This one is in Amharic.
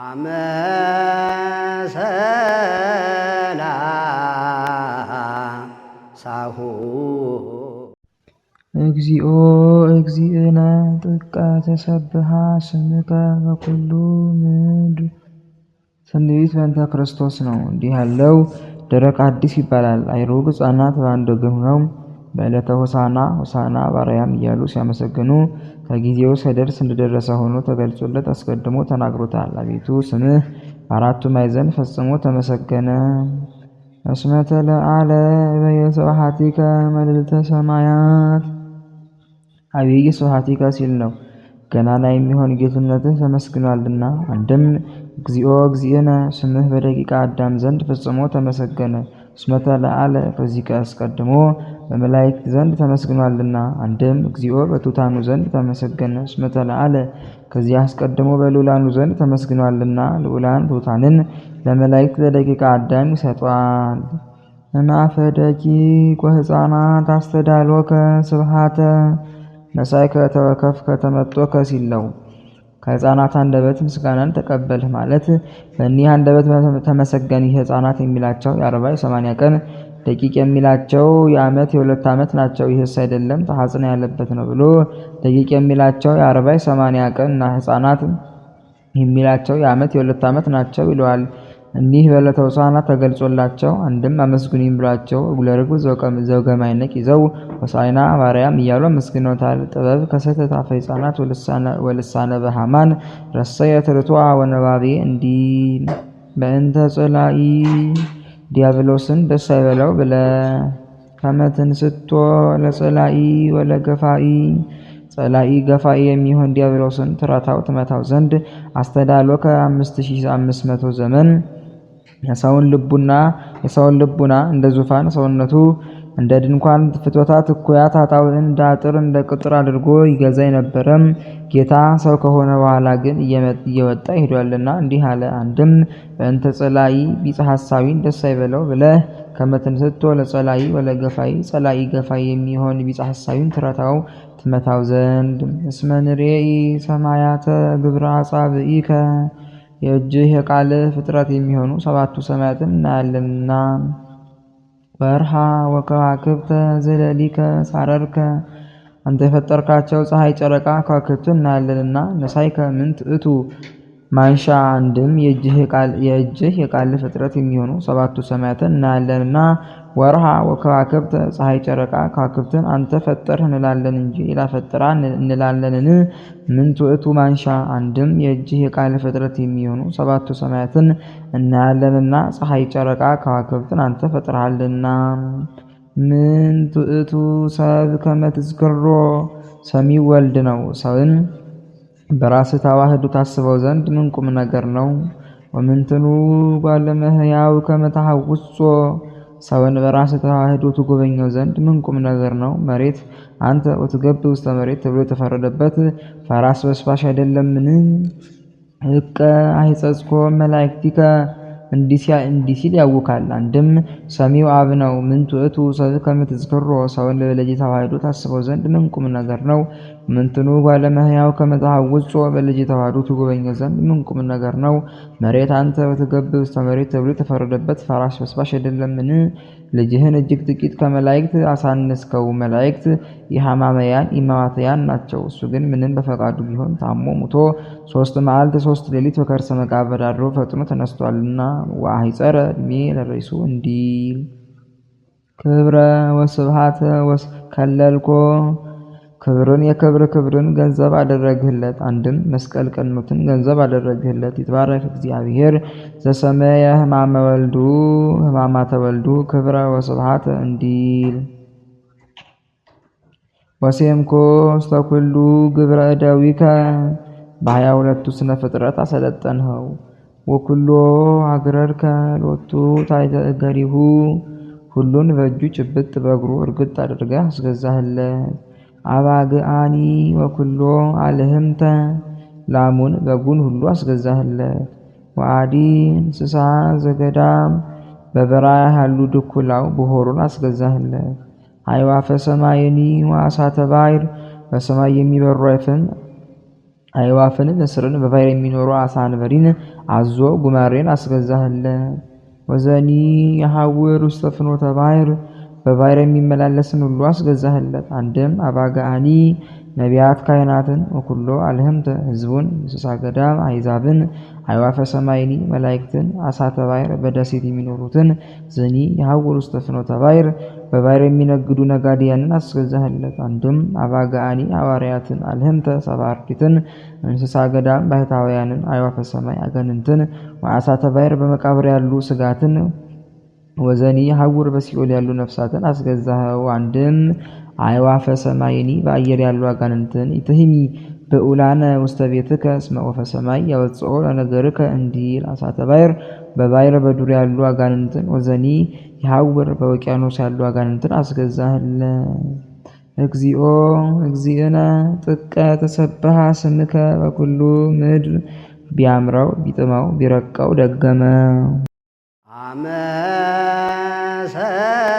አመሰላ ሳሁ እግዚኦ እግዚእነ ጥቀ ተሰብሃ ስምከ በኩሉ ምድር። ትንቢት በእንተ ክርስቶስ ነው። እንዲህ ያለው ደረቅ አዲስ ይባላል። አይሩግ ሕፃናት በአንድ ወገን ሆነው በዕለተ ሆሳና ሆሳና ባርያም እያሉ ሲያመሰግኑ ከጊዜው ሳይደርስ እንደደረሰ ሆኖ ተገልጾለት አስቀድሞ ተናግሮታል። አቤቱ ስምህ አራቱ ማዕዘን ፈጽሞ ተመሰገነ። እስመተ ለአለ በየስብሐቲከ መልዕልተ ሰማያት አብይ ስብሐቲከ ሲል ነው። ገናና የሚሆን ጌትነትህ ተመስግኗልና። አንድም እግዚኦ እግዚእነ ስምህ በደቂቃ አዳም ዘንድ ፈጽሞ ተመሰገነ። እስመተ ለዓለ ከዚህ አስቀድሞ በመላእክት ዘንድ ተመስግኗልና። አንድም እግዚኦ በቱታኑ ዘንድ ተመሰገነ። እስመተ ለዓለ ከዚህ አስቀድሞ በልዑላኑ ዘንድ ተመስግኗልና። ልዑላን ቱታንን ለመላእክት ለደቂቀ አዳም ይሰጧል። መናፈ ደቂቅ ወሕፃናት አስተዳሎከ ስብሃተ መሳይከ ተወከፍከ ተመጦከ ሲለው ከህፃናት አንደበት ምስጋናን ተቀበልህ ማለት በእኒህ አንደበት ተመሰገን። ይህ ህፃናት የሚላቸው የአርባ የሰማንያ ቀን ደቂቅ የሚላቸው የአመት የሁለት ዓመት ናቸው። ይህስ አይደለም ተሐጽነ ያለበት ነው ብሎ ደቂቅ የሚላቸው የአርባ የሰማንያ ቀን እና ህፃናት የሚላቸው የአመት የሁለት ዓመት ናቸው ይለዋል። እኒህ በዕለተ ሆሳዕና ተገልጾላቸው አንድም አመስግኑኝ ብሏቸው ለርግብ ዘውገማይነቅ ይዘው ሆሳዕና ማርያም እያሉ አመስግኖታል። ጥበብ ከሰተት አፈ ሕፃናት ወልሳነ በሃማን ረሰየ ትርቱዐ ወነባቤ እንዲ በእንተ ጽላኢ ዲያብሎስን ደስ አይበለው ብለ ከመትን ስቶ ለጸላኢ ወለገፋኢ ጸላኢ ገፋኢ የሚሆን ዲያብሎስን ትረታው ትመታው ዘንድ አስተዳሎ ከ 5500 ዘመን የሰውን ልቡና የሰውን ልቡና እንደ ዙፋን ሰውነቱ እንደ ድንኳን ፍትወታት እኩያት አጣውን እንደ አጥር እንደ ቅጥር አድርጎ ይገዛ የነበረም ጌታ ሰው ከሆነ በኋላ ግን እየወጣ ይሄዷልና እንዲህ አለ። አንድም በእንተ ጸላይ ቢጽ ሐሳዊን ደስ አይበለው ብለህ ከመትንስቶ ለጸላኢ ወለገፋይ ጸላኢ ገፋይ የሚሆን ቢጽ ሐሳዊን ትረታው ትመታው ዘንድ እስመ ንሬኢ ሰማያተ ግብረ አጻብኢከ የእጅህ የቃል ፍጥረት የሚሆኑ ሰባቱ ሰማያትን እናያለንና። በርሃ ወከዋክብተ ዘለሊከ ሳረርከ አንተ የፈጠርካቸው ፀሐይ፣ ጨረቃ፣ ከዋክብት እናያለንና። ነሳይከ ምንት እቱ ማንሻ አንድም የእጅህ የቃል ፍጥረት የሚሆኑ ሰባቱ ሰማያትን እናያለንና ወርሃ ወከዋክብተ ፀሐይ፣ ጨረቃ ከዋክብትን አንተ ፈጠርህ እንላለን እንጂ ኢላፈጠራ እንላለንን? ምን ትእቱ ማንሻ አንድም የእጅህ የቃል ፍጥረት የሚሆኑ ሰባቱ ሰማያትን እናያለንና ፀሐይ፣ ጨረቃ ከዋክብትን አንተ ፈጥረሃልና። ምን ትእቱ ሰብ ከመትዝክሮ ሰሚ ወልድ ነው። ሰውን በራስህ ተዋህዶ ታስበው ዘንድ ምን ቁም ነገር ነው? ወምንትኑ ጓለመህያው ከመታሃውሶ ሰውን በራስ ተዋህዶ ትጎበኘው ዘንድ ምን ቁም ነገር ነው? መሬት አንተ ወትገብ ውስተ መሬት ተብሎ የተፈረደበት ፈራስ በስፋሽ አይደለምን? ህቀ አይጸጽኮ መላእክቲከ እንዲህ ሲል ያውካል። አንድም ሰሚው አብ ነው። ምንቱ እቱ ሰብከ ከምትዝክሮ ሰውን በልጅ ተዋህዶ ታስበው ዘንድ ምን ቁም ነገር ነው? ምንትኑ ባለመህያው ከመጽሐፍ ውጭ በልጅ ተዋህዶ ትጎበኘ ዘንድ ምን ቁም ነገር ነው? መሬት አንተ በተገብ ውስተ መሬት ተብሎ የተፈረደበት ፈራሽ በስባሽ አይደለምን? ልጅህን እጅግ ጥቂት ከመላእክት አሳነስከው። መላእክት የሐማመያን ኢማማትያን ናቸው። እሱ ግን ምንም በፈቃዱ ቢሆን ታሞ ሙቶ ሶስት መዓልት ሶስት ሌሊት በከርሰ መቃብር አድሮ ፈጥኖ ተነስቷልና ዋህይጸረ እድሜ ለርእሱ እንዲል ክብረ ወስብሃተ ከለልኮ ክብርን የክብር ክብርን ገንዘብ አደረግህለት። አንድም መስቀል ቀኖትን ገንዘብ አደረግህለት። ይትባረክ እግዚአብሔር ዘሰመየ ህማመ ወልዱ ህማማተ ወልዱ ክብረ ወስብሃተ እንዲል ወሴምኮ እስተ ኩሉ ግብረ እደዊከ በሀያ ሁለቱ ስነ ፍጥረት አሰለጠንኸው። ወኩሎ አግረርከ ሎቱ ታሕተ እገሪሁ ሁሉን በእጁ ጭብጥ በእግሩ እርግጥ አድርገህ አስገዛህለት። አባግአኒ ወኩሎ አልህምተ ላሙን በጉን ሁሉ አስገዛህለት። ወአዲ እንስሳ ዘገዳም በበረሃ ያሉ ድኩላው ብሆሩን አስገዛህለት። አይዋፈ ሰማይኒ ዋእሳተ ተባይር በሰማይ የሚበሩ አይፍን አይዋፍን ንስርን በባይር የሚኖሩ አሳ አንበሪን አዞ ጉማሬን አስገዛህለ ወዘኒ የሐውር ውስተ ፍኖተ ባሕር የሚመላለስን ሁሉ አስገዛህለት። አንድም አባጋኒ ነቢያት ካህናትን ወኩሎ አልህምተ ህዝቡን እንስሳ ገዳም አይዛብን አይዋፈ ሰማይኒ መላእክትን አሳተ ባይር በደሴት የሚኖሩትን ዝኒ የሐውር ውስተ ፍኖተ ባሕር በባሕር የሚነግዱ ነጋዴያንን አስገዛህለት። አንድም አባጋአኒ ሐዋርያትን አልህምተ ሰባ እንስሳ ገዳም ባሕታውያንን አዕዋፈ ሰማይ አጋንንትን ወአሳተ ባሕር በመቃብር ያሉ ስጋትን ወዘኒ ሀጉር በሲኦል ያሉ ነፍሳትን አስገዛኸው። አንድም አይዋፈ ሰማይኒ በአየር ያሉ አጋንንትን ይትህኒ በኡላነ ውስተ ቤትከ እስመ ወፈ ሰማይ ያወፅኦ ለነገርከ እንዲል አሳተ ባይር በባይረ በዱር ያሉ አጋንንትን ወዘኒ የሀውር በውቅያኖስ ያሉ አጋንንትን አስገዛህለ። እግዚኦ እግዚእነ ጥቀ ተሰብሐ ስምከ በኩሉ ምድር ቢያምረው ቢጥመው ቢረቀው ደገመ። አመሰ